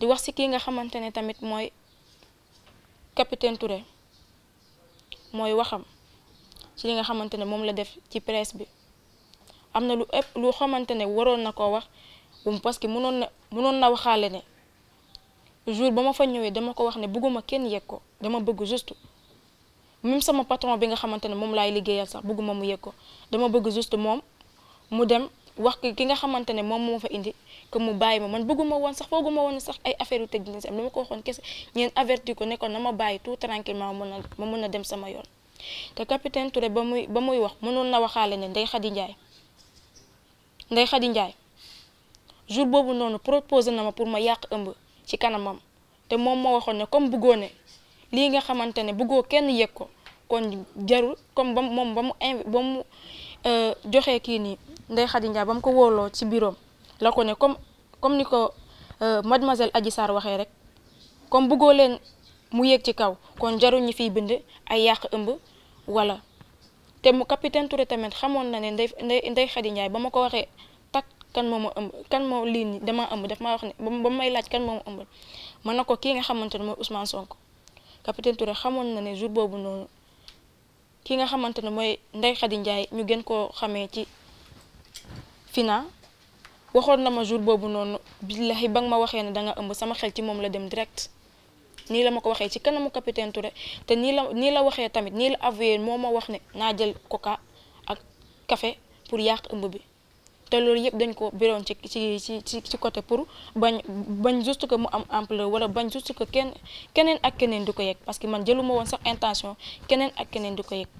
di wax si kii nga xamante ne tamit mooy capitaine Touré mooy waxam ci li nga xamante ne moom la def ci presse bi am na lu ëpp lu xamante ne waroon na koo wax um, parce que mënoon na mënoon na waxaale ne jour ba ma fa ñëwee dama ko wax ne bëgguma kenn yëg ko dama bëgg juste mu sama patron bi nga xamante ne moom laay liggéeyal sax bëgguma mu yëg ko dama bëgg juste moom mu dem. wax ki nga xamante ne moom moo fa indi que mu bàyyi ma man bëgguma woon sax fooguma woon sax ay affaire yu tëj dina si am dama ko waxoon kese ñeen averti ko nekkoon na ma bàyyi tout tranquillement ma mën a mën a dem sama yoon te capitaine Touré ba muy ba muy wax mënoon na waxaale ne Ndeye Khady Ndiaye Ndeye Khady Ndiaye jour boobu noonu proposé na ma pour ma yàq ëmb ci kanamam te moom moo waxoon ne comme bëggoo ne lii nga xamante ne bëggoo kenn yëg ko kon jarul comme ba moom ba mu ba mu euh, joxee kii nii. Ndeye Khady Ndiaye ba mu ko wóoloo ci biroom la ko ne comme comme ni ko euh, mademoiselle Adji Sarr waxee rek comme bëggoo leen mu yéeg ci kaw kon jaruñu ñi bind ay yàq ëmb wala te mu capitaine Touré tamit xamoon na ne Ndeye Ndeye Khady Ndiaye ba ma ko waxee takk kan moo ma ëmb kan moom lii nii dama ëmb daf maa wax ne ba may laaj kan moom ma ëmbal mën na ko kii nga xamante ne mooy Ousmane Sonko capitaine Touré xamoon na ne jour boobu noonu ki nga xamante ne mooy Ndeye Khady Ndiaye ñu gën xamee ci. Fina waxoon na ma jour boobu noonu billahi ba nga ma waxee ne danga ëmb sama xel ci moom la dem direct nii la ma ko waxee ci kanamu capitaine toure te nii la nii la waxee tamit nii la avoué moo ma wax ne naa jël coca ak kafe pour yàq ëmb bi te loolu yëpp dañ ko biroon ci ci ci ci côté pour bañ bañ juste ko mu am ampleur wala bañ juste ko kenn keneen ak keneen di ko yëg parce que man jëluma woon sax intention keneen ak keneen di ko yëg